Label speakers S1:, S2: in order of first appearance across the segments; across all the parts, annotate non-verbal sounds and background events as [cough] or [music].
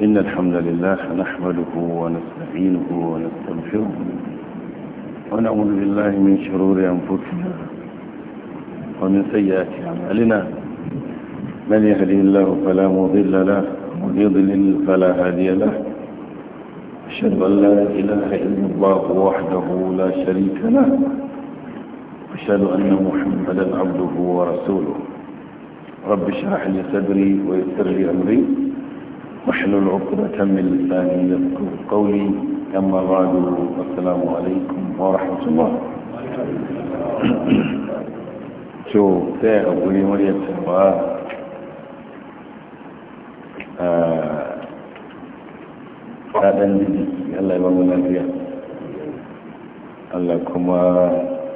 S1: إن الحمد لله نحمده ونستعينه ونستغفره ونعوذ بالله من شرور أنفسنا ومن سيئات أعمالنا من يهده الله فلا مضل له ومن يضلل فلا هادي له أشهد أن لا إله إلا الله وحده لا شريك له أشهد أن محمدا عبده ورسوله رب اشرح لي صدري ويسر لي أمري واحلل عقدة من لساني يذكر قولي أما بعد السلام عليكم ورحمة الله شو تاع أبو لي مريم سبعة هذا نجي الله يبغى من الرياء الله كما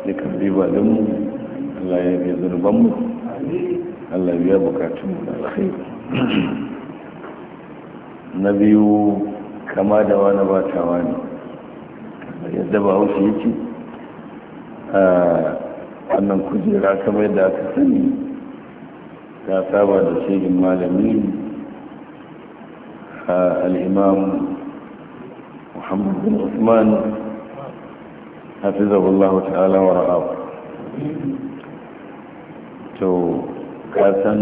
S1: لكم بيبا لهم الله يبغى ذنبهم الله يبغى كاتم الخير na biyu kama da wani batawa ne yadda ba haushi yake a wannan kujera kamar da aka sani ta saba da shirin malami al'imam Muhammadu usman usman Allahu ta'ala wa ra'abu to kasan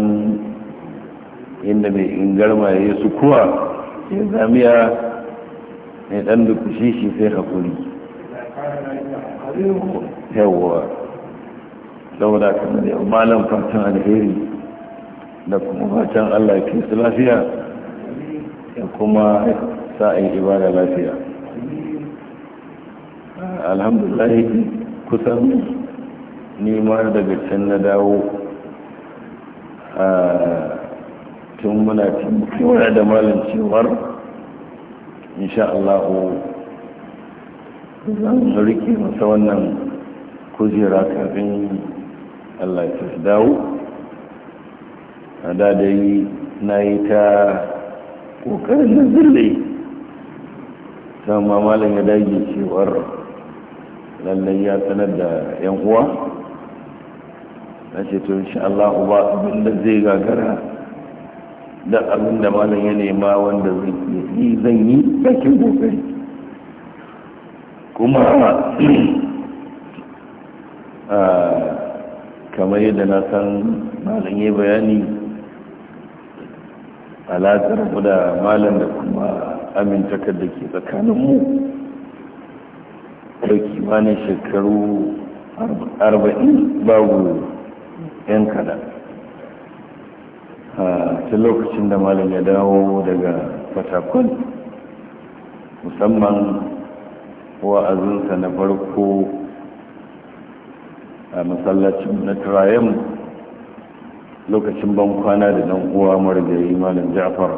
S1: inda mai ingarma ya su kuwa
S2: zamiya
S1: mai dan dukushi shi sai hakuri yawwa saboda da yau malam fatan alheri da kuma fatan allah ke su lafiya ya kuma sa'in ibada lafiya alhamdulahi kusan nima daga can na dawo a ah, tun muna kewaye da malin cewar insha Allah zan rike masa wannan kujera kafin Allah ya dawo a dadai na yi ta
S2: kokarin da zille
S1: sama malin ya dage cewar lallai ya sanar da 'yan uwa na ce to insha Allah ba abin zai gagara da abin da malam ya nema wanda zan yi
S2: bakin kokari
S1: kuma [clears throat] kamar yadda na san malam ya bayani alaƙar mu da malam da kuma amintakar da ke tsakanin mu da kimanin shekaru arba'in babu yan kaɗan ta lokacin da malam ya dawo daga fatakun musamman wa'azinsa na farko a matsalacin na turayen lokacin ban kwana da dan uwa yi malam ja'far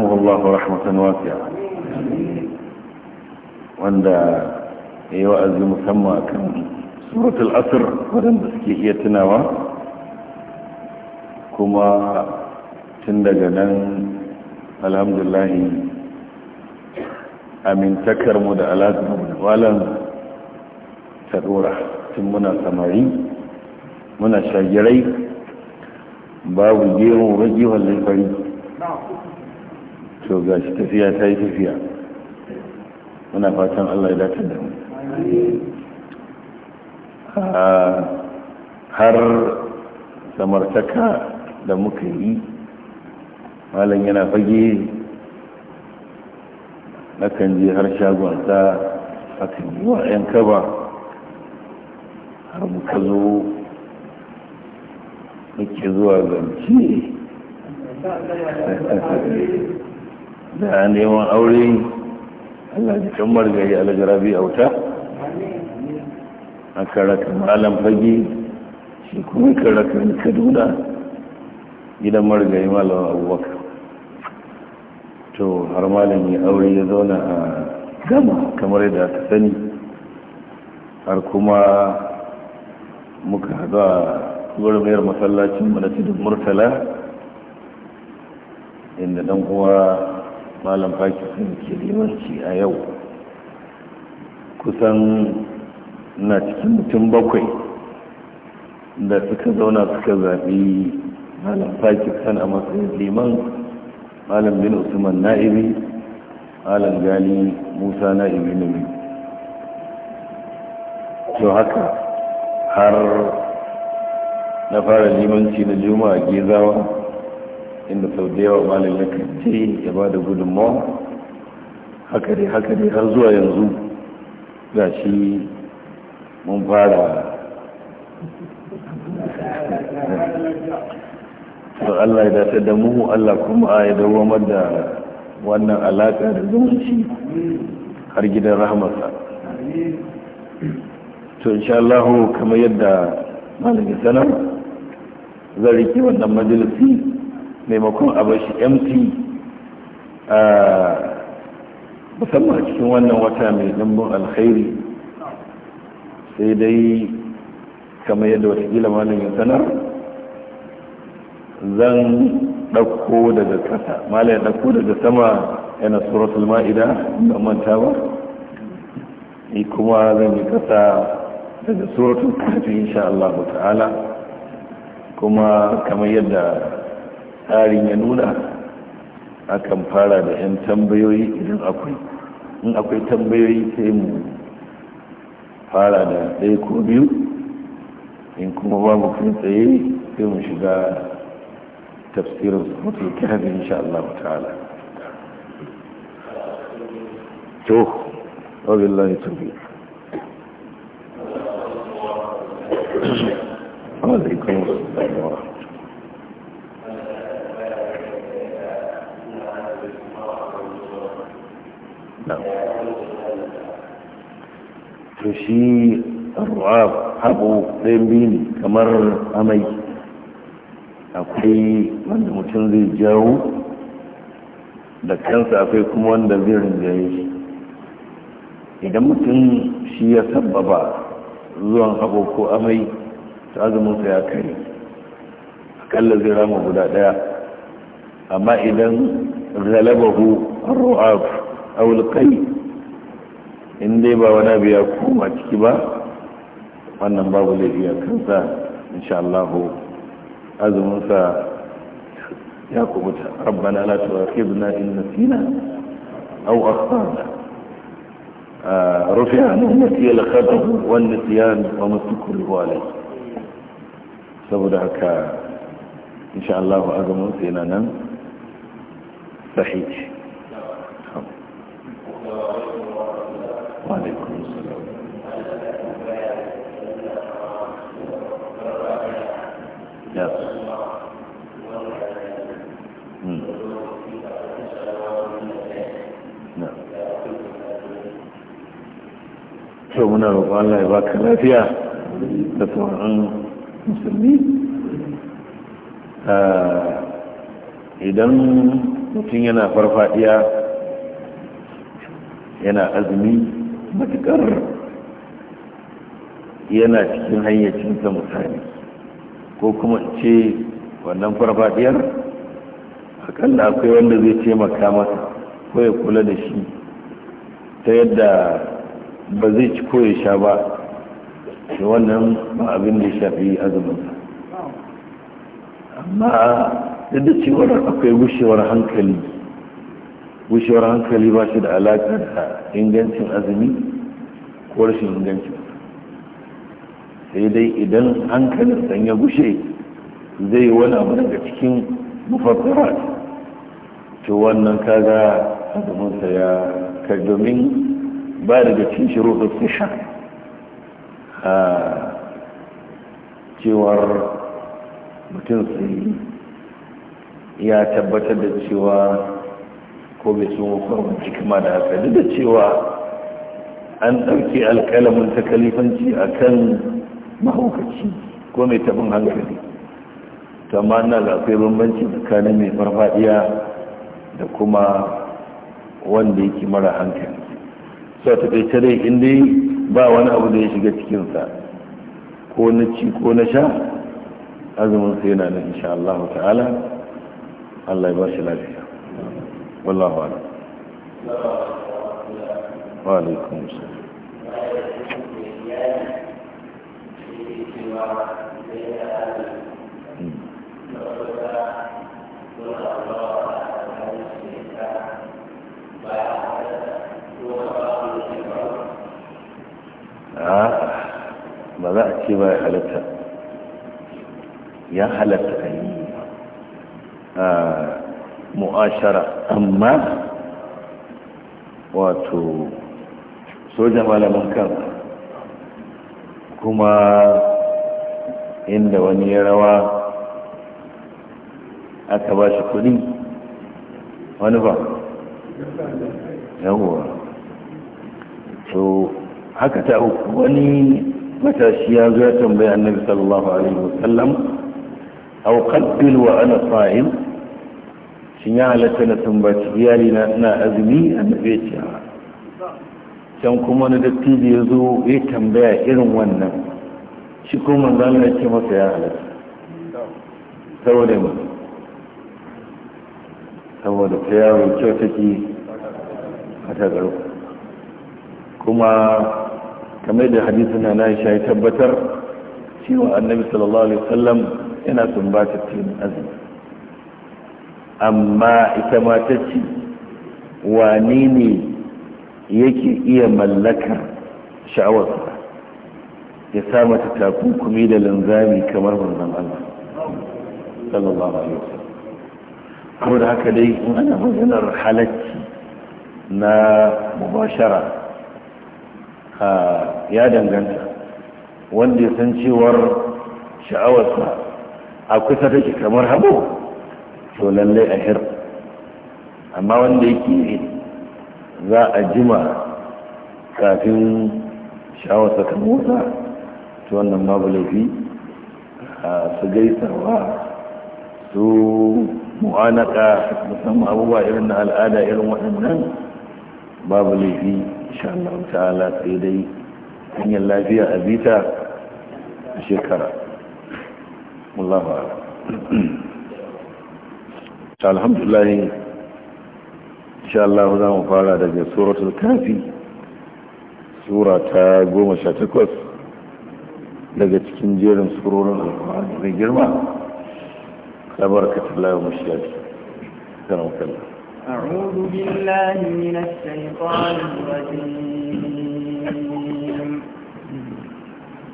S1: wa rahmatan wasiya wanda ya yi wa'azi musamman kan suratul asir wadanda suke iya tunawa kuma tun daga nan alhamdulahi amintakarmu da alaƙarmu da walan ta dora tun muna samari muna shagirai babu gero rajewar laifari to ga shi tafiya ta yi tafiya muna fatan allah ya dace da mu ah, har samartaka da muka yi malam yana fage na kan je har shagonsa kan yi wa 'yan kaba har muka zo muke zuwa zance [laughs] da neman aure allah kan margari algarabi wuta a karaka malam fage shi
S2: kuma karaka kaduna
S1: gidan marigayi malamin abubakar to har malami aure ya zauna a gama kamar yadda ta sani har kuma muka haɗu a gurmiyar masallacin mu na murtala inda dan kuma malam pakistan ke limanci a yau kusan na cikin mutum bakwai da suka zauna suka zaɓi malam fakir kan a matsayin liman malam bin usman na'ibi malam gani musa na'ibi ne. to haka har na fara limanci na juma'a gizawa inda sau da yawa malam ya kanci ya ba da gudunmawa haka dai haka dai har zuwa yanzu ga shi mun fara to Allah ya dace da mu Allah kuma ya dawo da wannan alaka da zumunci har gidan rahmarsa to insha Allah kamar yadda malamin sanar zan rike wannan majalisi maimakon a bashi empty a musamman cikin wannan wata mai dimbin alkhairi sai dai kamar yadda watakila malamin sanar zan ɗauko daga ƙasa mala ya ɗauko daga sama yana suratul ma'ida ban manta ba ni kuma zan yi ƙasa daga suratul ƙarfi insha Allah ta'ala kuma kamar yadda tsarin ya nuna akan fara da 'yan tambayoyi idan akwai in akwai tambayoyi sai mu fara da ɗaya ko biyu in kuma ba mu kai tsaye sai mu shiga tafsirin mutu kirabi insha Allah ta'ala to wabillahi
S2: wa rahmatullahi
S1: to shi abu ɗayan biyu ne kamar amai akwai wanda mutum zai jawo da kansa akwai kuma wanda zai rinjaye shi idan mutum shi ya sababa zuwan haɓo ko amai ta azuminsa ya kai akalla zai rama guda ɗaya amma idan zalabahu ru'af awulkai in dai ba wani abu ya koma ciki ba wannan babu laifi a kansa insha Allahu أذن ف يا قبطة ربنا لا تؤاخذنا إن نسينا أو أخطأنا آه، رفع عن النسي لخطه والنسيان ومسك له عليه إن شاء الله أذن سينا نم
S2: صحيح yes hmm.
S1: muna roƙon Allah ya baka lafiya da tsoron musulmi ah, idan mutum yana farfadiya yana azumi matukar yana cikin cinta mutane ko kuma ce wannan farfadiyar akalla akwai wanda zai taimaka masa ko ya kula da shi ta yadda ba zai ci ko ya sha ba da wannan ba abin da shafi azuminsa
S2: amma duk da cewar akwai
S1: gushewar hankali gushewar hankali ba shi da alaƙa da ingancin azumi ko rashin ingancin sai dai idan hankalin sanya ya gushe zai wani abu daga cikin mufassarat to wannan kaga sa ya ka domin ba daga cikin shiruɗin sisha a cewar mutum sai ya tabbatar da cewa ko bai sun kwarwanci kama da haka duk da cewa an ɗauki alƙalamin ta kalifanci a kan mahaukaci ko mai tabin hankali ta mana akwai bambanci tsakanin mai farfadiya da kuma wanda yake mara hankali sau ta kai dai inda ba wani abu da ya shiga cikinsa ko na ci ko na sha azumin sai yana nan insha Allah ta'ala Allah ya ba lafiya wallahu a'lam wa alaikum ba za a ce ba ya halatta ya halatta a yi mu'ashara amma wato soja malamin kan kuma inda wani ya rawa aka ba shi kudi wani ba yawwa to haka ta uku wani matashi ya zo ya tambaya annabi sallallahu alaihi wasallam au qadbil wa ana sa'im shin ya halatta na tambaci iyali na ina azumi annabi ya ce can kuma wani dattijo ya zo ya tambaya irin wannan shi ko manzo Allah ya masa ya halatta saboda mu saboda ta yaro kyau take a tagaru kuma kamar da hadisu na na ya tabbatar cewa annabi sallallahu alaihi wasallam yana sumbata cikin azumi amma ita ma ta ce wani ne yake iya mallakar sha'awarsa ya sa mata takunkumi da linzami kamar manzon Allah sallallahu alaihi wasallam
S2: ko da haka dai
S1: in ana maganar halacci na mubashara ya danganta wanda ya san cewar sha'awarsa a kusa take kamar habo to lallai a hir amma wanda yake za a jima kafin sha'awarsa ta motsa to wannan babu laifi su gaisawa su mu'anaka musamman abubuwa irin na al'ada irin waɗannan babu laifi insha Allah ta'ala sai dai hanyar lafiya a bita a shekara Allah alhamdulillah insha Allah za mu fara daga suratul kafi sura ta goma sha takwas daga cikin jerin surorin alkur'ani mai girma tabarakatul lahu mushiyati kana kalla
S2: أعوذ بالله
S3: من الشيطان الرجيم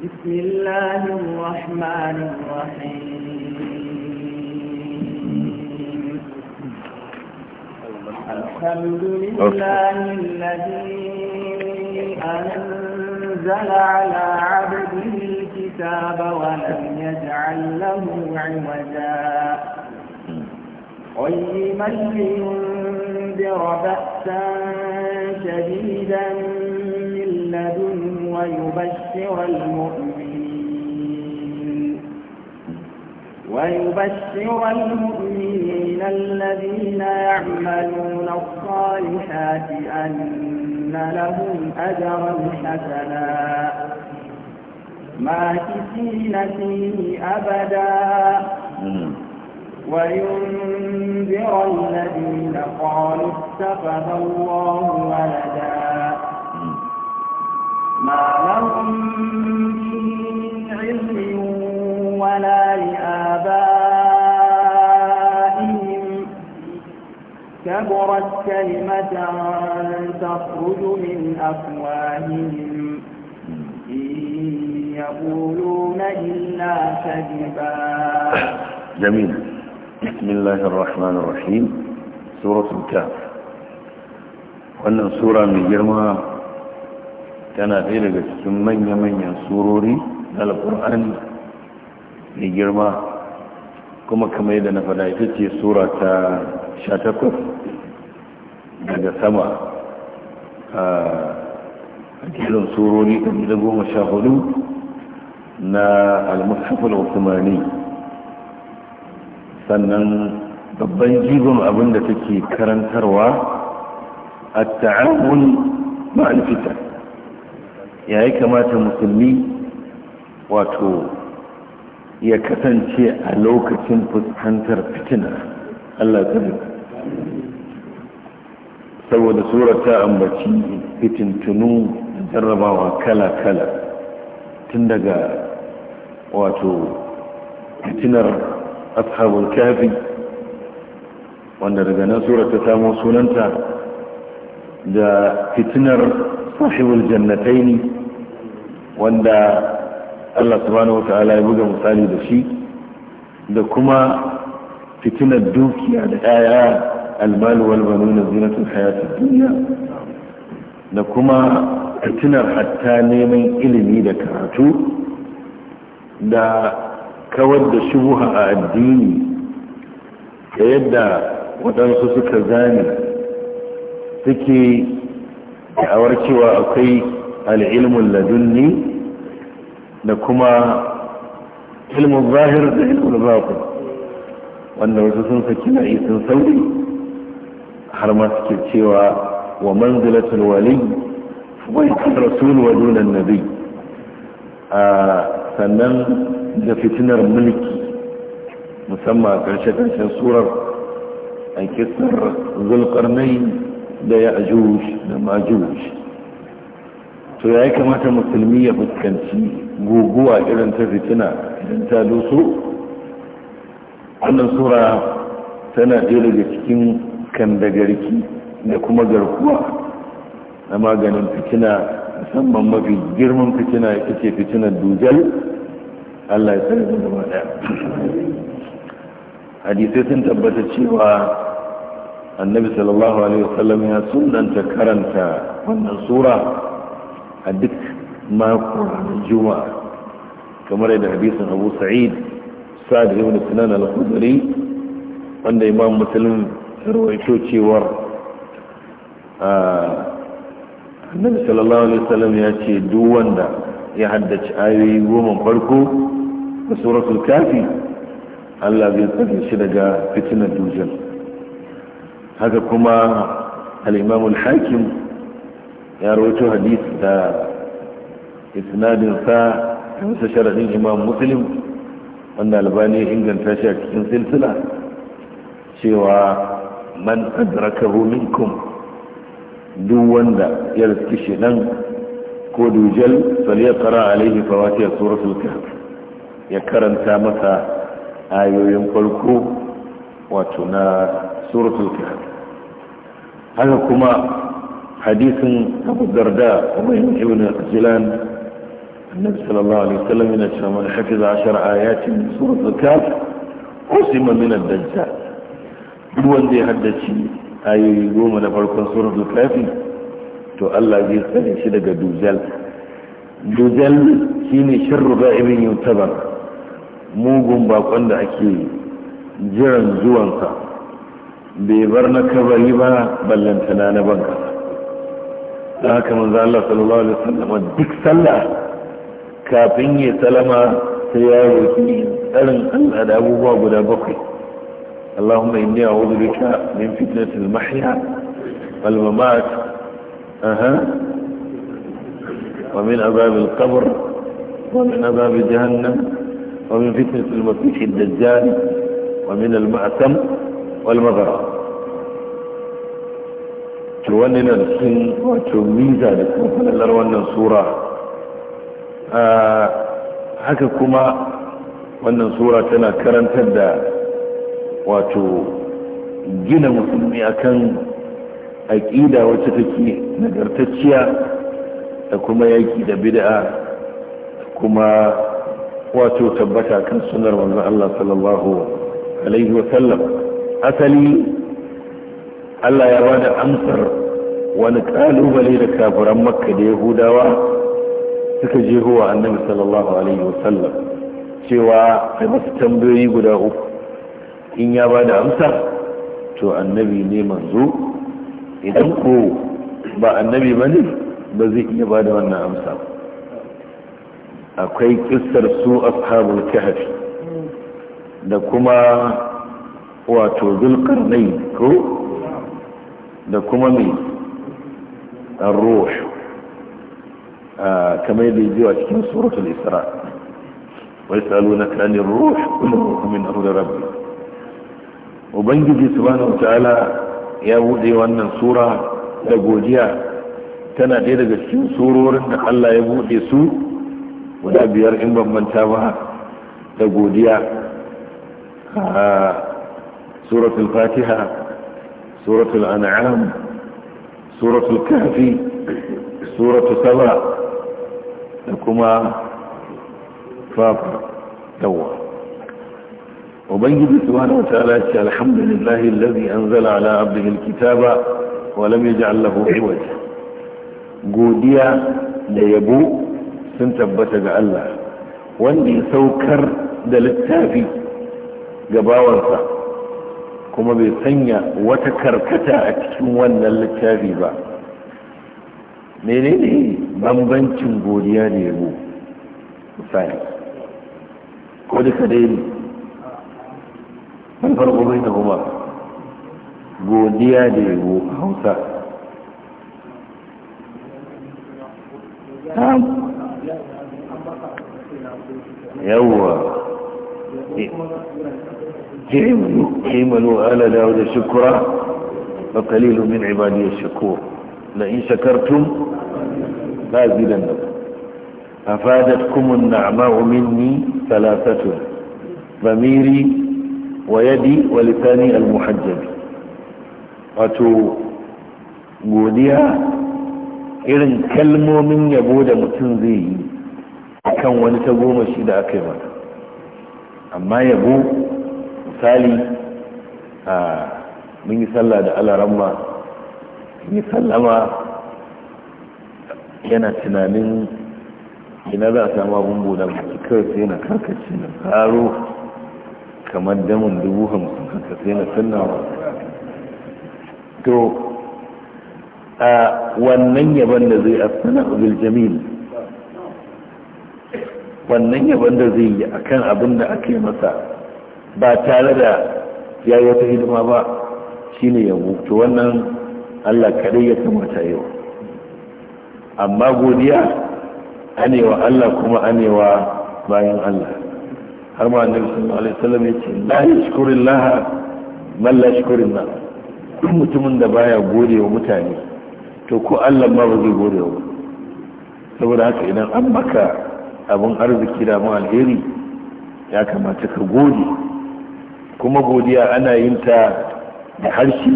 S3: بسم الله الرحمن الرحيم
S2: الحمد لله
S3: الذي أنزل على عبده الكتاب ولم يجعل له عوجا قيما لينذر بأسا شديدا من لدن ويبشر المؤمنين ويبشر المؤمنين الذين يعملون الصالحات أن لهم أجرا حسنا ماكثين فيه أبدا وينذر الذين قالوا اتخذ الله ولدا ما لهم به من علم ولا لآبائهم كبرت كلمة تخرج من أفواههم إن يقولون إلا كذبا
S1: جميل بسم الله الرحمن الرحيم سورة الكهف wannan sura mai girma tana ɗaya daga cikin manya-manyan surori na alƙur'ani mai girma kuma kamar yadda na faɗa ita ce sura ta 18 daga sama a goma surori hudu. na al-mushafin sannan babban jigon abinda take karantarwa a ta'awun ma'alfita ya yi kamata musulmi wato ya kasance a lokacin fuskantar fitina allah tsari saboda surata ambaci fitintunu jarrabawa kala-kala tun daga wato fitinar ashabul kafi wanda daga nan sura ta samo sunanta da fitinar sahibul jannataini wanda Allah subhanahu wata'ala ya buga misali da shi da kuma fitinar dukiya da 'ya'ya almalu wal banuna zinatul hayatid dunya da kuma fitinar hatta neman ilimi da karatu da kawar da shubuha a addini da yadda waɗansu suka zane suke da'awar cewa akwai al'ilmun ladunni da kuma ilmun zahir da ilmun zafin wanda wasu sun saki na isin sauri har ma suke cewa wa manzilatul wali wai rasul wa dunan nabi sannan da fitinar mulki musamman a ƙarshe surar a kisar zulkarnai da ya da majuj to ya yi kamata musulmi ya fuskanci guguwa irin ta fitina idan ta doso wannan sura tana ɗaya daga cikin kandagarki da kuma garkuwa na maganin fitina musamman mafi girman fitina ita ce fitinar dujal Allah ya sani da ba daya hadisai sun tabbata cewa annabi sallallahu alaihi wasallam ya sunanta karanta wannan sura a duk mako ranar juma'a kamar yadda hadisin abu sa'id sa'ad ibn sinan al-khudri wanda imam muslim rawaito cewar ah, annabi sallallahu alaihi wasallam ya ce duk wanda ya haddace ayoyi goma farko da suratul kafi Allah zai tsare shi daga fitinar dujal haka kuma al-imam al-hakim ya rawaito hadisi da isnadin sa bisa sharadin imam muslim wanda albani ya inganta shi a cikin silsila cewa man adrakahu minkum duk wanda ya riski shi nan ko dujal ya kara alaihi fawati suratul kahf ya karanta masa ayoyin farko wato na suratul kahf haka kuma hadisin abu darda kuma ibn jilan annabi sallallahu alaihi wasallam عليه وسلم من hafiza 10 عشر suratul kahf سورة min ad-dajjal duk wanda ya haddace ayoyi goma na farkon surar littafi to Allah zai tsare shi daga dujal dujal shine sharru ga'ibin yutabar mugun bakon da ake jiran zuwansa bai bar na kabari ba ballantana na banka da haka manzo Allah sallallahu alaihi wasallam duk sallah kafin ya salama sai ya roki tsarin Allah da abubuwa guda bakwai اللهم إني أعوذ بك من فتنة المحيا والممات أها ومن عذاب القبر ومن عذاب جهنم ومن فتنة المسيح الدجال ومن المأتم والمغرى to السن na cikin wato miza da kuma falalar كما sura haka kuma wannan sura wato gina musulmi akan aƙida wacce take nagartacciya da kuma yaƙi da bid'a kuma wato tabbata kan sunar wanzu Allah sallallahu alaihi wa sallam asali Allah ya bada amsar wani kalubale da kafiran makka da yahudawa suka je huwa annabi sallallahu alaihi wa sallam cewa a masu tambayoyi guda uku in ya ba da amsa to annabi ne manzo idan ko ba annabi ba ne ba zai iya ba da wannan amsa akwai kistar su ashabul kahfi da kuma wato zulkarnai ko da kuma mai arruh كما يجي في isra الإسراء ويسألونك عن الروح قل الروح min أمر ربي ubangiji subhanahu ta'ala ya bude wannan sura da godiya tana ɗaya daga cikin surorin da Allah ya bude su guda biyar in bambanta ba da godiya a suratul fatiha suratul an'am suratul kafi suratul saba da kuma fafar dawa. ubangiji subhanahu wa ta'ala ce alhamdulillahi allazi anzala ala abdihi alkitaba wa lam yaj'al lahu iwaja godiya da yabo sun tabbata ga Allah wanda ya saukar da littafi ga bawansa kuma bai sanya wata karkata a cikin wannan littafi ba menene bambancin godiya da yabo misali ko duka dai الفرق بينهما جوديا ديو حوسا
S2: نعم يوا حملوا إيه، حملوا آل داود شكرا
S1: فقليل من عبادي الشكور لئن شكرتم لازلنكم أفادتكم النعماء مني ثلاثة ضميري wa yadi wa lisani al wato godiya irin kalmomin yabo da mutum zai yi kan wani ta goma shi da aka yi mata amma yabo misali a mun yi sallah da alaramma yi sallama yana tunanin ina za a samu abin buɗe kawai sai na karkacin na karo kamar damin dubu hamsin haka sai na sannawa to a wannan yaban da zai asana bil jamil wannan yaban da zai yi akan abin da ake masa ba tare da ya yi wata hidima ba shine yabo to wannan Allah kaɗai ya kamata yau amma godiya anewa Allah kuma anewa bayan Allah har ma annabi sallallahu alaihi wasallam ya ce la yashkurillah man la yashkurinna duk mutumin da baya gode wa mutane to ko Allah ma ba zai gode wa saboda haka idan an maka abin arziki da mu alheri ya kamata ka gode kuma godiya ana yin ta da harshe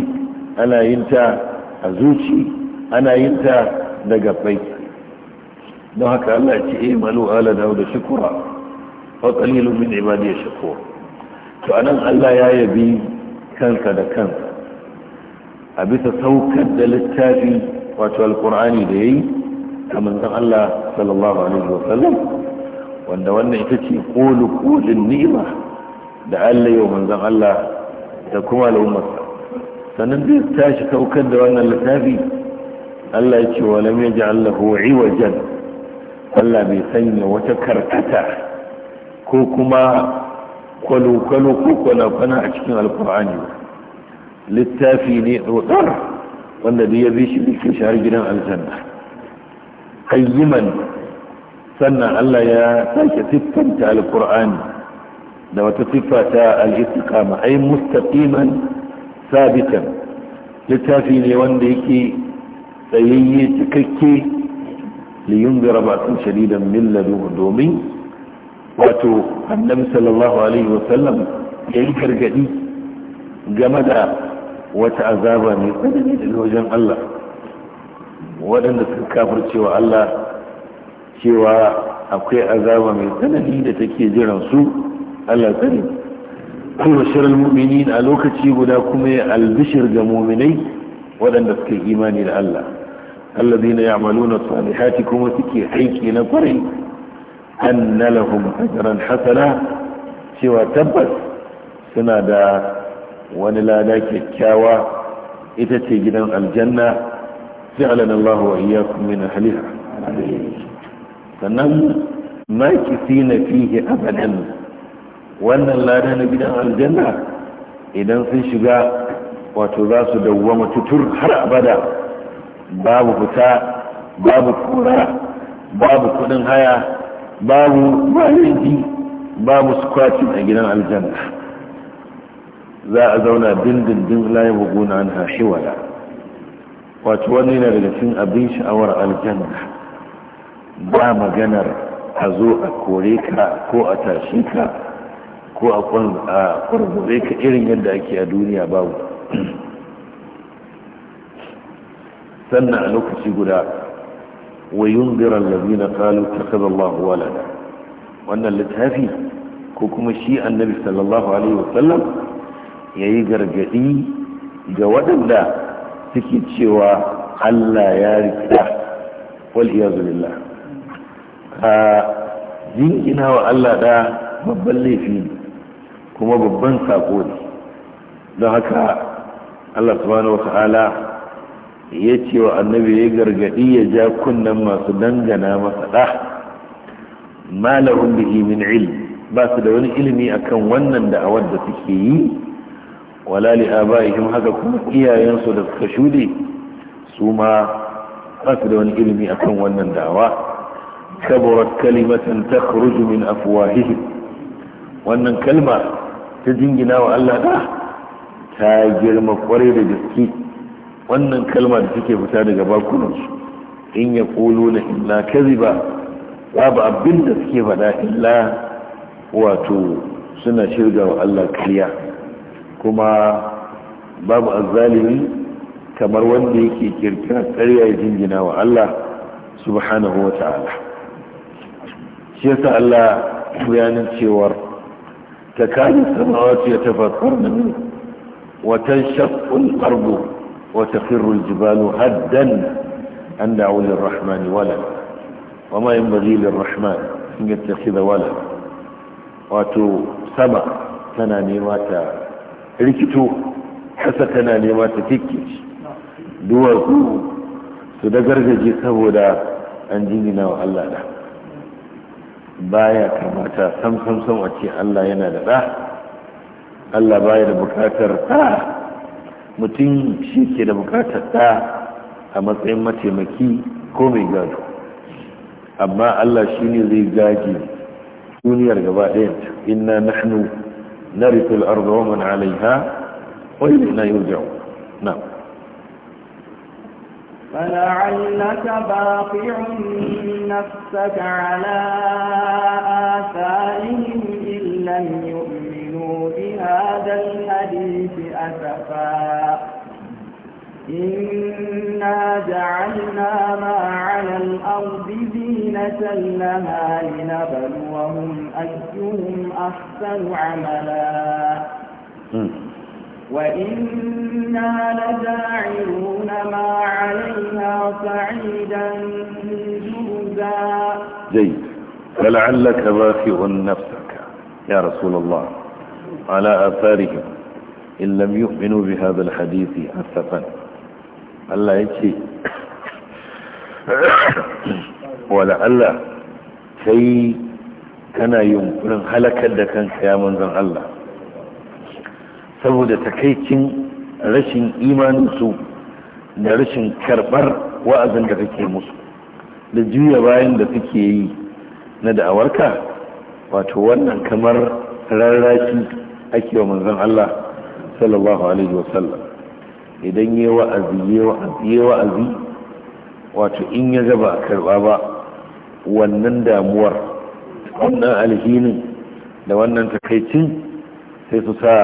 S1: ana yin ta a zuci ana yin ta da gabbai don haka Allah ya ce eh malu ala da shukura wa qalilun min ibadiy shakur to anan Allah ya yabi kansa da kansa a bisa saukar da littafi wato alqur'ani da yayi a manzon Allah sallallahu alaihi wa sallam. wanda wannan ita ce kolu kolin ni'ima da Allah yau manzon Allah da kuma al'ummarsa sannan da tashi saukar da wannan littafi Allah ya ce wa lam yaj'al lahu iwajan Allah bai sanya wata karkata ko kuma kwalokwalo ko ko kwana a cikin alkur'ani littafi ne rotar wanda da ya bi shi ke shahar gidan aljanna kayyiman sannan allah ya sake siffanta alkur'ani da wata siffa ta al'istiqama ai mustaqiman sabitan littafi ne wanda yake tsayayye cikakke liyun zira ba sun sharidan min domin wato annabi sallallahu alaihi wasallam ya yi gargadi game da wata azaba mai tsanani daga wajen Allah waɗanda suka kafar cewa Allah cewa akwai azaba mai tsanani da take jiran su Allah tsari kuma shirin mu'minin a lokaci guda kuma ya albishir ga mu'minai waɗanda suka imani da Allah allazina ya'maluna salihati kuma suke aiki na kwarai anna lahum ajran hasana cewa tabbas suna da wani lada kyakkyawa ita ce gidan aljanna ja'alana Allah wa iyyakum min ahliha sannan ma kisina fihi abadan wannan lada na gidan aljanna idan sun shiga wato zasu su dawwama tutur har abada babu fita babu kura babu kuɗin haya babu malinki babu squatting a gidan aljanna za a zauna dindindin layin buguna an hashiwala wato wani na daga cin abin sha'awar aljanna ba maganar a zo a kore ka ko a tashi ka ko a kwarzure ka irin yadda ake a duniya babu sannan a lokaci guda wa yunzira allazina qalu takhadha Allahu walada wannan littafi ko kuma shi annabi sallallahu alaihi wasallam yayi gargadi ga waɗanda suke cewa Allah ya rika wal a jinkina wa Allah da babban laifi ne kuma babban sako ne don haka Allah subhanahu wa ta'ala ya ce wa annabi ya gargadi ya ja kunnen masu dangana masa ɗa malahun bihi min ilm ba su da wani ilimi akan wannan da'awar da suke yi wala li haka kuma iyayensu da suka shuɗe? su ma ba su da wani ilimi akan wannan da'awa kaburat kalimatan takhruju min afwahihim wannan kalma ta jingina wa Allah da ta girma kwarai da gaske wannan kalma da take fita daga bakunansu in ya kolo na illa kaziba babu abin da suke faɗa illa wato suna shirga wa Allah kariya kuma babu azzalimi kamar wanda yake kirkira karya ya jingina wa Allah subhanahu wa ta'ala shi yasa Allah bayanin cewar takadu samawati yatafakkar min wa tanshaqqu al-ardu وتخر الجبال هدا أن دعوا للرحمن ولدا وما ينبغي للرحمن أن يتخذ ولدا واتو سما تنا نيماتا ركتو حسا تنا نيماتا تكيش duwatsu su da gargaje saboda an jingina Allah da baya kamata sam sam sam a ce Allah yana da ɗa Allah baya da bukatar ɗa mutum shi ke da
S2: bukatar ɗa
S1: a matsayin mataimaki ko mai gado amma Allah shi ne zai gaji duniyar gaba ɗaya inna nahnu narithul na wa man alaiha wa ilayna yurja'u na
S3: فلعلك باقع نفسك على آثارهم إن لم بهذا الحديث أسفا إنا جعلنا ما على الأرض زينة لها لنبلوهم أيهم أحسن عملا وإنا لجاعلون ما عليها صعيدا جوزا
S1: جيد فلعلك باخع نفسك يا رسول الله على آثارهم إن لم يؤمنوا بهذا الحديث أسفا الله يجي ولعل كي كان يمكن هلك دكان كياما زن الله saboda takaicin rashin imaninsu da rashin karɓar wa'azin da kake musu da juya bayan da suke yi na da'awarka wato wannan kamar rarrashi ake wa manzon Allah sallallahu alaihi wasallam idan ya wa'azi wa'azi wato in ya gaba karba ba wannan damuwar wannan alhinin da wannan takaicin sai su sa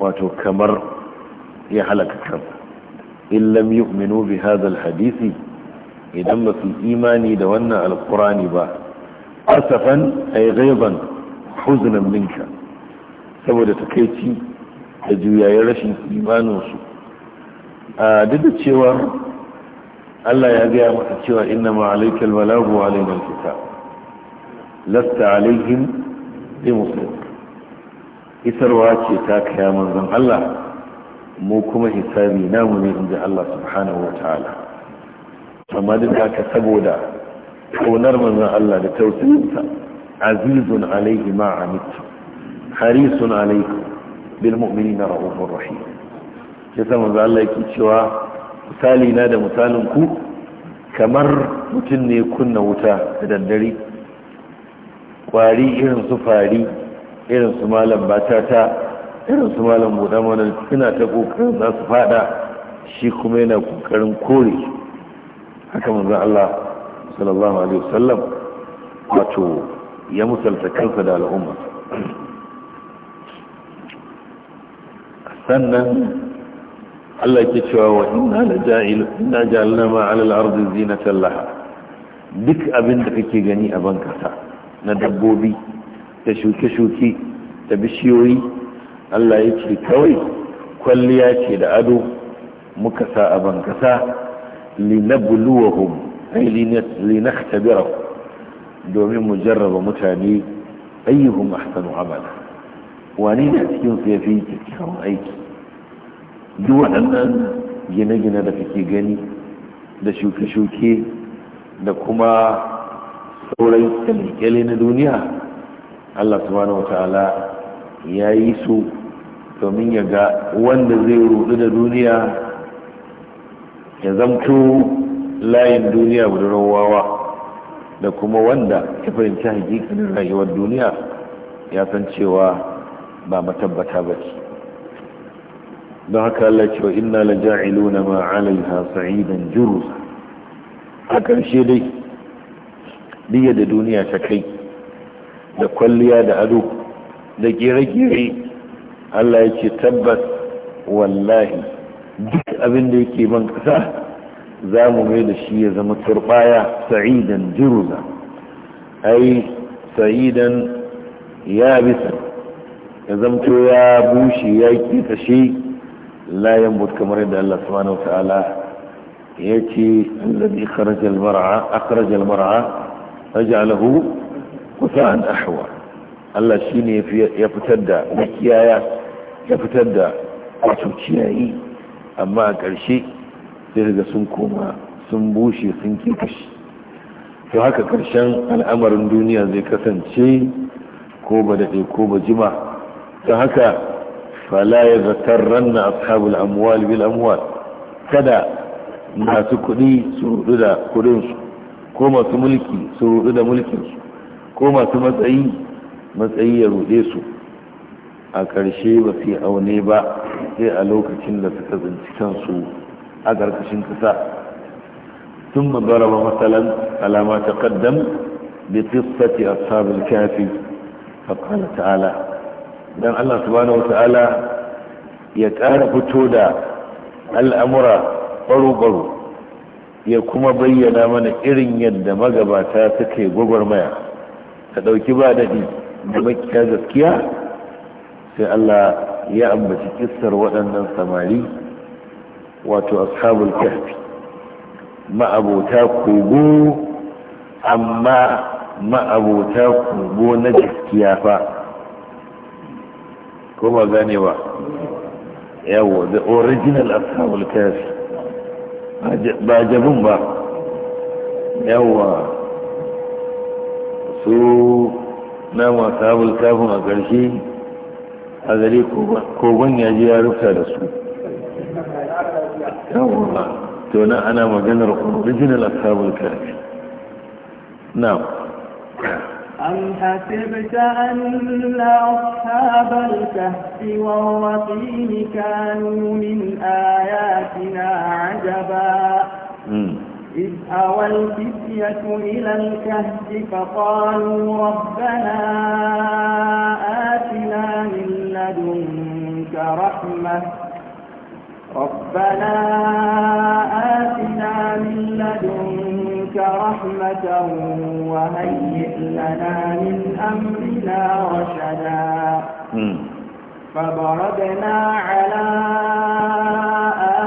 S1: wato kamar ya halaka kansa in lam yu'minu bi hadha hadisi. idan ba su imani da wannan alkurani ba asafan ay ghaiban huznan minka saboda takaici da juyayen rashin imaninsu a duk da cewa Allah ya gaya maka cewa inna ma alaikal balagu wa alaikal kita lasta alaihim bi isarwa ce ta kaya manzon Allah mu kuma hisabi namu ne inda Allah subhanahu wa ta'ala amma duk haka saboda kaunar manzan Allah da tausayinsa azizun alaihi ma harisun alaikum bil mu'minina ra'ufur rahim ya sama za Allah yake cewa misali na da misalin ku kamar mutum ne kunna wuta da daddare kwari irin su fari irin su malam batata irin su malam buɗa mana suna ta kokarin za su fada shi kuma yana kokarin kore haka manzon Allah sallallahu alaihi wasallam wato ya musalta kansa da al'umma sannan Allah ke cewa wa ina la ja'il inna ja'alna ma 'ala ardi zinatan laha duk abin da kake gani a ban kasa na dabbobi da shuke-shuke da bishiyoyi Allah ya kawai kwalliya ce da ado muka sa a ban kasa linabluwahum ay domin mu jarraba mutane ayyuhum ahsanu amala wani ne a cikin su ya fi kyakkyawan aiki duk waɗannan gine-gine da kake gani da shuke-shuke da kuma sauran kyalikyali na duniya allah subhanahu wata'ala ya yi su domin ya ga wanda zai rudu da duniya ya zamto layin duniya budurwawa da kuma wanda ya fahimci hakikalin rayuwar duniya ya san cewa ba matabbata ba ce don haka Allah cewa inna la ja'iluna ma 'alayha sa'idan jurusa a ƙarshe dai diya da duniya ta kai da kwalliya da ado da gire-gire Allah ya ce tabbas wallahi duk abin da yake ban ƙasa za mu mai da shi ya zama turbaya sa'idan jurusa ai sa'idan ya bisa ya zamto ya bushe ya ke shi layan mut kamar yadda Allah subhanahu wa ta'ala ya ce allazi kharaja al-mar'a akhraja al-mar'a faj'alahu quta'an ahwa Allah shine ya fitar da makiyaya ya fitar da wato ciyayi amma a ƙarshe sai daga sun koma sun bushe sun kikashi to haka ƙarshen al'amarin duniya zai kasance ko ba daɗe ko ba jima فهكا فلا يذكرن أصحاب الأموال بالأموال كذا ما تكني سرودة كرنس كما تملكي سرودة ملكنس كما تمتعي مسعي يروديس أكرشي وفي أونيبا في ألوك كنة كذن تكنسو أكرشي كتا ثم ضرب مثلا على ما تقدم بقصة أصحاب الكافي فقال تعالى don allah subhanahu wata'ala ya ƙara fito da al'amura baro-baro ya kuma bayyana mana irin yadda magabata yi gwagwarmaya ta ɗauki ba daɗi da makiya gaskiya sai allah ya ambaci kistar waɗannan samari wato ashabul kahfi ma'abota kogo amma ma'abota kogo na gaskiya fa ko ba gane ba yawo the original ashabul kafi ba jabin ba yawa su nama ashabul kafin a ƙarshe a gari kogon ya ji ya rufta da su yawa to nan ana maganar original ashabul kafi na'am
S3: أم حسبت أن أصحاب الكهف والرقيم كانوا من آياتنا عجبا إذ أوى الفتية إلى الكهف فقالوا ربنا آتنا من لدنك رحمة ربنا آتنا من لدنك رحمة وهيئ لنا من أمرنا رشدا فضربنا على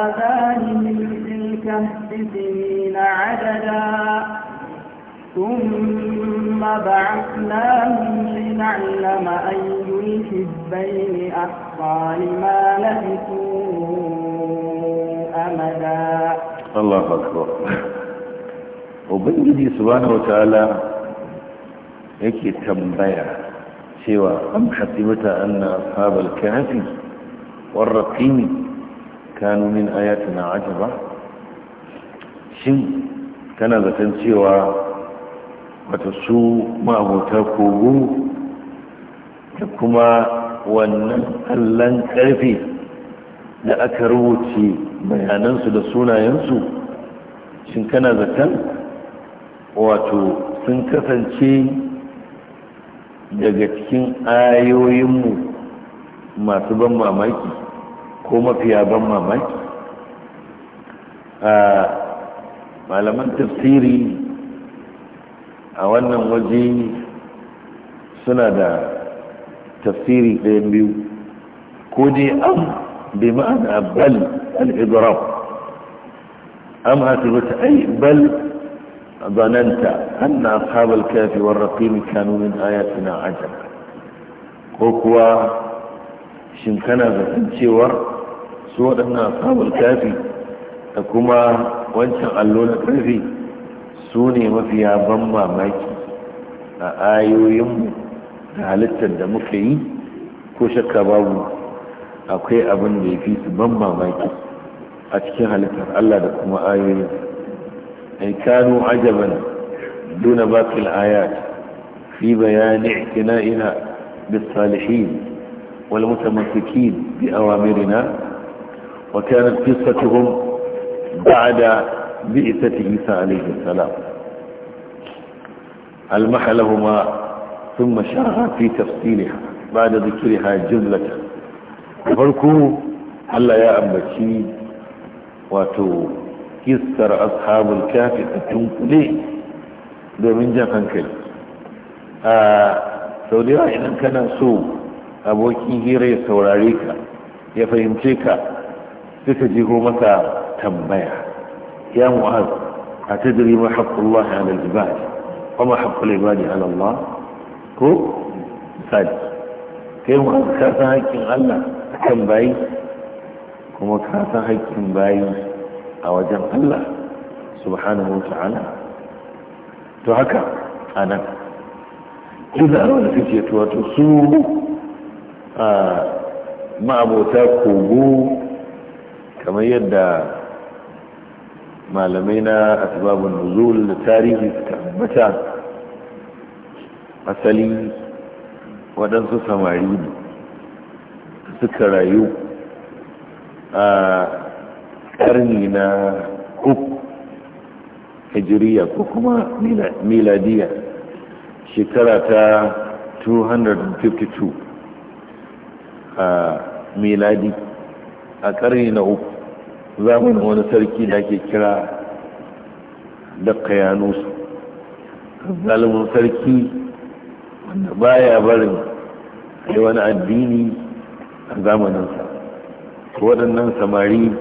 S3: آذانهم في الكهف سنين عددا ثم بعثناهم لنعلم أي الحزبين أحصى لما لبثوا امدا
S1: الله اكبر وبنجي سبحانه وتعالى يكي تنبيع سوى ام حتمت ان اصحاب الكهف والرقيم كانوا من اياتنا عجبة شن كان زكن سوى وتسو ما متكو كما وان الله كافي لا bayanansu da sunayensu shin kana zaton wato sun kasance daga cikin ayoyinmu masu ban mamaki ko mafiya ban mamaki a malaman tafsiri a wannan waje suna da tafsiri ɗayan biyu ko dai an بمعنى بل الإضراب أم أثبت أي بل ظننت أن أصحاب الكاف والرقيم كانوا من آياتنا عجبا قوكوا شمكنا فتن سور سوى أن أصحاب الكاف أكما وانت قلونا كافي سوني ما فيها بما ميت آيو يم هل تدمكي كوشك بابو akwai abin da ya fi su ban mamaki a cikin halittar Allah da kuma ayoyi ai kanu ajaban duna bakil ayat fi bayan ihtina'ina bis salihin wal mutamassikin bi awamirina wa kanat qissatuhum ba'da بئسة isa alayhi salam al mahalahuma thumma شرع fi تفصيلها ba'da dhikriha jumlatan da farko Allah ya ambaci wato kissar ashabul kafi a tunkule domin jan hankali a sau da yawa idan kana so abokin hira ya saurare ka ya fahimce ka suka jiho masa tambaya ya mu'az a tadiri ma haƙƙullahi ala ibadi wa ma haƙƙul ibadi ala Allah ko misali kai mu'az ka san haƙƙin Allah kan bayi kuma ka san haƙƙin bayi a wajen Allah subhanahu wa ta'ala to haka anan idan wanda suke to wato su a ma'abota kogo kamar yadda malamai na asibabin nuzul da tarihi suka ambata asali waɗansu samari ne suka rayu a ƙarni na uku hijiriya ko kuma miladiya shekara ta 252 a miladi a ƙarni na uku zamanin wani sarki da ke kira da kayanusu zalimin sarki wanda baya barin yi wani addini a zamaninsa waɗannan samari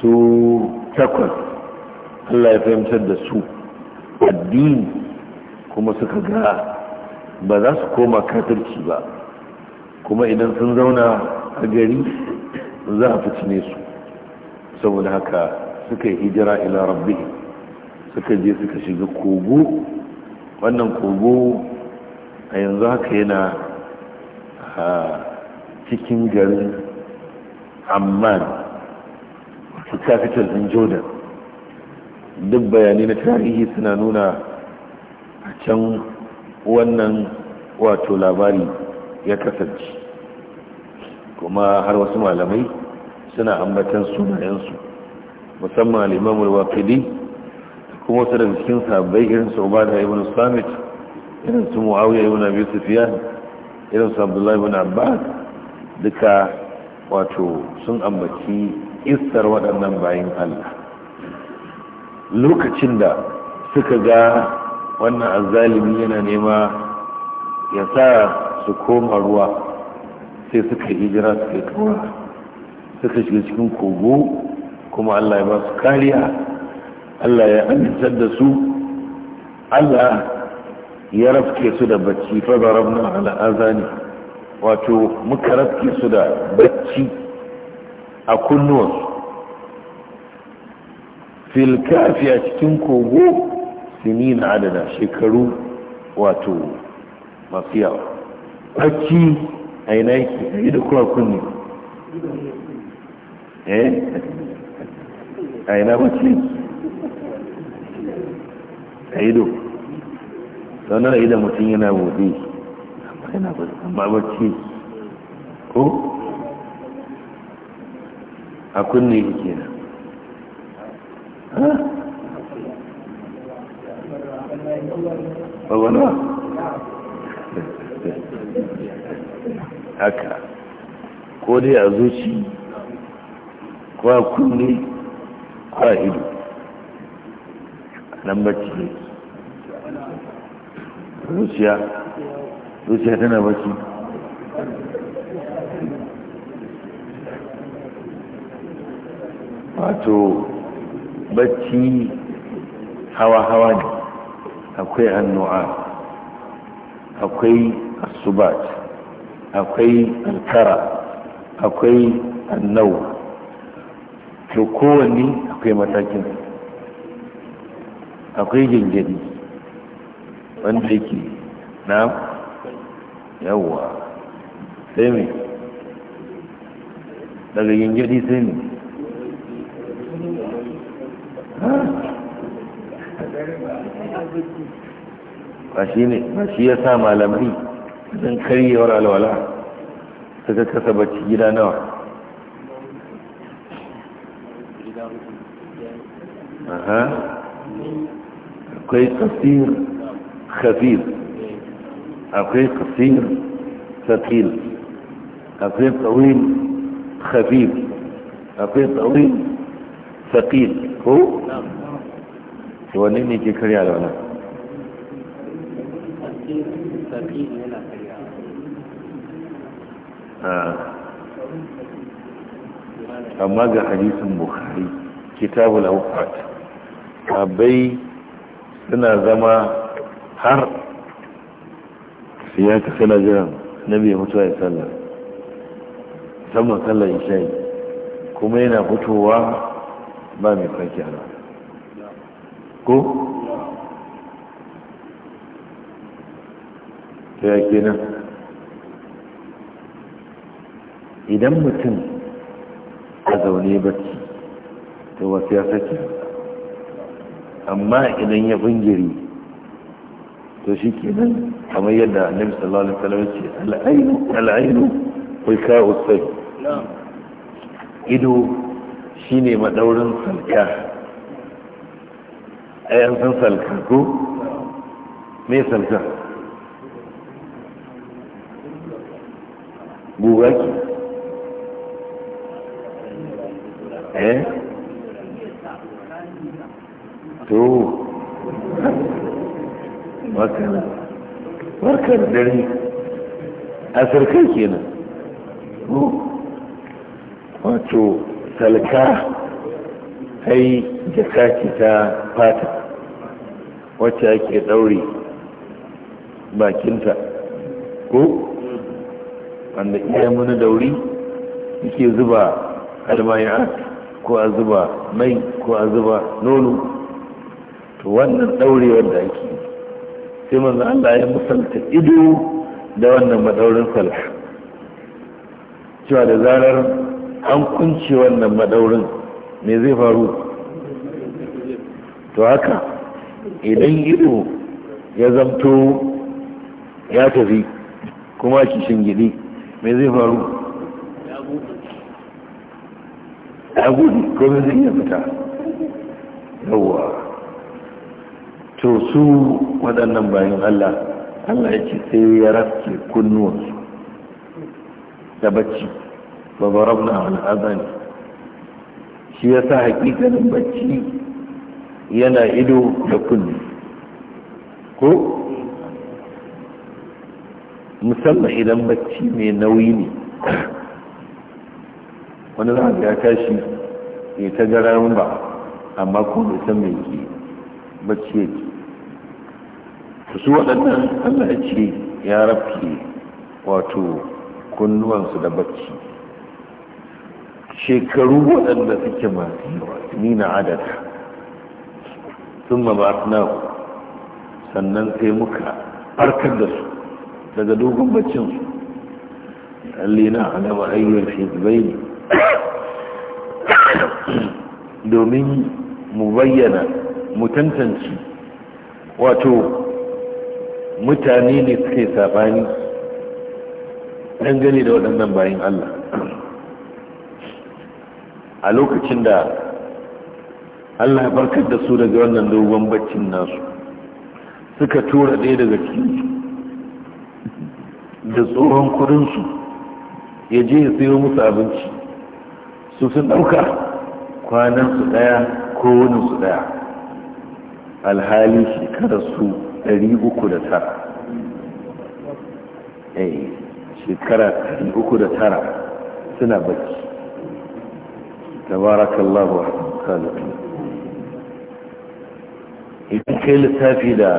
S1: su takwas Allah ya fahimtar da su addini kuma suka ga ba za su koma kafirci ba kuma idan sun zauna a gari za a ne su saboda haka suka yi hijira ila rabbi suka je suka shiga kogo wannan kogo a yanzu haka yana ah, cikin garin amman su capital in jordan duk bayanai na tarihi suna nuna a can wannan wato labari ya kasance kuma har wasu malamai suna ambatan sunayensu musamman limamul wakili kuma wasu daga cikin sabbai irin su a ibn samit irin su mu'awiyar ibn abi sufyan irin su abdullahi ibn abbas duka wato sun ambaci istar waɗannan bayan Allah lokacin da suka ga wannan azalimi yana nema ya sa su koma ruwa sai suka hijira suka tura suka shiga cikin kogo kuma Allah ya ba su kariya Allah ya amintar da su Allah ya rafke su da bacci fa zarabna ala azani wato muka rafke su da bacci a kunnuwansu filkafi a cikin kogo na adada shekaru wato masu yawa bacci a a yi da kuma kunni eh a na bacci a yi do sannan a da mutum yana motsi yana ba bacci ko a kunne yake nan
S2: ba haka
S1: ko dai a zuci ko a kunne ko a ido nan bacci ne zuciya zuciya tana baki wato bacci hawa-hawa ne akwai annu'a akwai asubat akwai alkara akwai annau to kowanne akwai matakin akwai gingiri wanda yake na yawwa sai mai daga gingiri sai mai ba shi ne ba ya sa malamai don karyewar alwala suka kasa bacci gida nawa
S2: akwai tafsir
S1: khafir أخي قصير ثقيل أخي طويل خفيف أخي طويل ثقيل هو هو ليني ذكر يا لهنا آه.
S2: أما جاء حديث البخاري
S1: كتاب الأوقات أبي سنة زمان حرب ya ka kana jiran na ya mutuwa ya sallah musamman sallar shayi kuma yana fitowa ba mai farki ana ko? ta ya kenan idan mutum a zaune bacci to wasu ya sake amma idan ya bungiri to shi ke nan kamar yadda annabi sallallahu alaihi wasallam ce al'ainu al'ainu hulka'u sai ido shine madaurin salka ayan san salka ko me salka guga ke dare a sarkai kenan wato salka ai jaka ce ta fata wacce ake daure bakinta ko wanda iya muna dauri yake zuba almaya ko a zuba mai ko a zuba nono to wannan ɗaurewar da ake sai manzo Allah ya musalta ido da wannan madaurin salah cewa da zarar an kunce wannan madaurin me zai faru to haka idan ido ya zamto ya tafi kuma kishin gidi me zai faru ya gudu ko me zai iya fita yawwa to su waɗannan bayan Allah Allah ya ce sai ya rafke kunnuwansu da bacci ba ba rabna a shi ya sa
S3: hakikanin bacci
S1: yana ido da kunni ko musamman idan bacci mai nauyi ne wani za ya tashi ya ta gara ba amma kuma bai san mai ke bacci yake su waɗannan allah ce ya rafke wato kunnuwansu da bacci shekaru waɗanda suke masu yawa nina adada sun mabatna sannan sai muka harkar da su daga dogon baccinsu allina alama ayyar shekarai ne [coughs] domin mu bayyana mu wato mutane ne suke sabani dangane da waɗannan bayan Allah a lokacin da Allah ya barkar da su daga wannan dogon baccin nasu suka tura ɗaya daga cikinsu da tsohon kudinsu ya je ya sayo musu abinci su sun ɗauka kwanansu ɗaya ko wuninsu ɗaya alhali shekarar 309 eh shekara 309 suna bacci tabarakallahu khaliqin idan kai lissafi da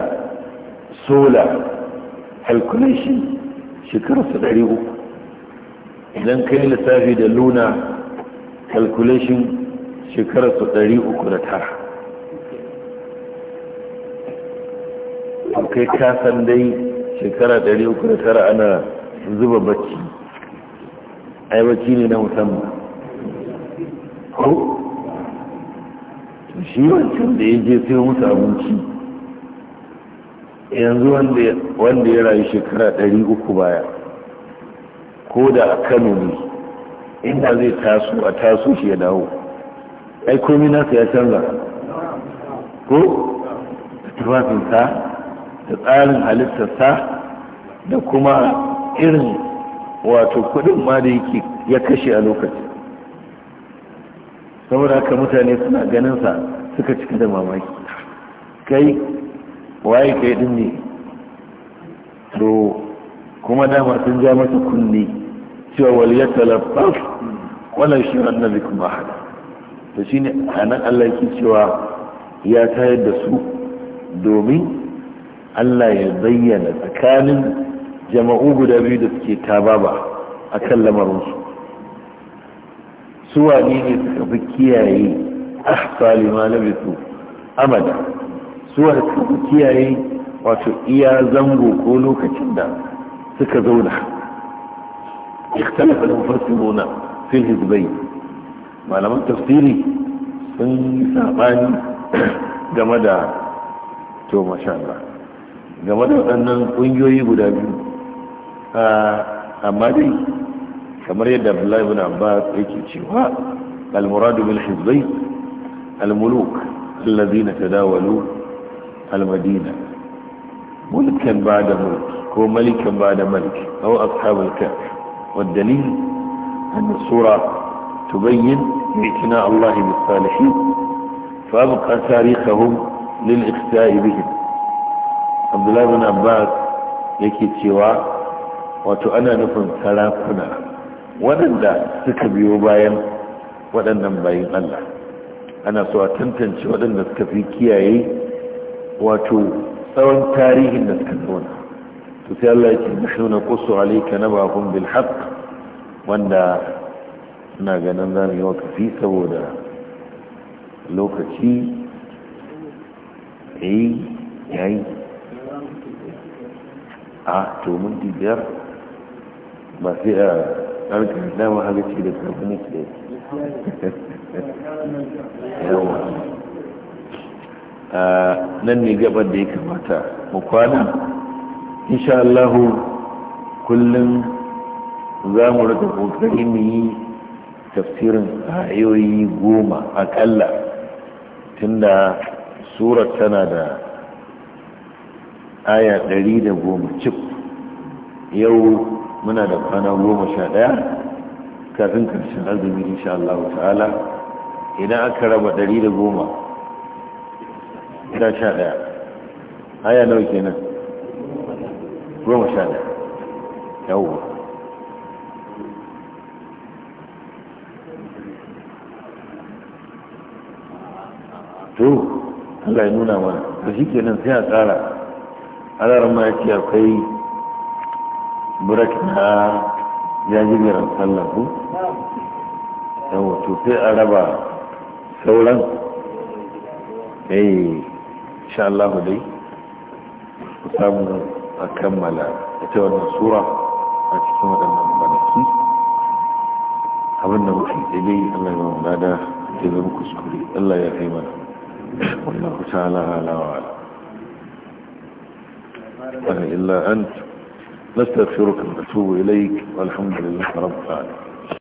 S1: solar calculation shekararsa 300 idan kai lissafi da luna calculation shekararsa 309 kai ka san dai shekara 309 ana zuba bacci ai bacci ne na musamman ko shi wancan da ya je sai musu abinci yanzu wanda ya rayu shekara 300 baya ko da a kano ne inda zai taso a taso shi ya dawo ai komi nasa ya canza ko tufafinsa da tsarin halittarsa da kuma irin wato kudin ma da yake ya kashe a lokaci saboda haka mutane suna ganinsa suka cika da mamaki kai waye kai din ne to kuma dama sun ja masa kunne cewa wal ya wala shi wannan da kuma hada to shine anan Allah yake cewa ya tayar da su domin Allah ya bayyana tsakanin jama'u guda biyu da suke tababa a kan lamarinsu suwa ne ne suka fi kiyaye ahsali salima na bisu amada suwa da suka fi kiyaye wato iya zango ko lokacin da suka zauna ikhtalafa da mufassiruna fil hizbai malaman tafsiri sun yi sabani game da to masha Allah game da waɗannan ƙungiyoyi guda biyu amma dai kamar yadda abdullahi ibn abbas yake cewa al-muradu bil hizbai al-muluk allazina tadawalu al-madina mulkan ba'da mulk ko malikan ba'da malik aw ashabul kahf والدليل أن الصورة تبين اعتناء الله بالصالحين فأبقى تاريخهم للإخساء بهم abdullahi bin abbas yake cewa wato ana nufin sarakuna waɗanda suka biyo bayan waɗannan bayan allah ana so a tantance waɗanda suka fi kiyaye wato tsawon tarihin da suka zauna to sai allah ya ce mashi na kusu alaika na bakon bilhaq wanda na ganin za mu yi fi saboda lokaci eh, yayi yayi a to minti biyar ba sai a ƙarfi na haka da ta ne ke yawa a nan ne gabar da ya kamata mu kwana insha Allahu kullum za mu rika kokari mu yi tafsirin ayoyi goma akalla tunda surat tana da aya ɗari da goma cik yau muna da kwana goma sha ɗaya kafin karshen azumi insha Allah ta'ala idan aka raba ɗari da goma sha ɗaya aya nawa kenan goma sha ɗaya yawon to Allah ya nuna mana da shi kenan sai a tsara alar ma ya akwai burak na jajibiran sallahu yan wato sai a raba sauran eh insha Allah dai ku samu a kammala ita wannan sura a cikin waɗannan kwanaki abinda muke daidai Allah ya mamada da zama kuskure Allah ya kai mana wannan kusa ala
S2: إلا أنت نستغفرك ونتوب إليك والحمد لله رب العالمين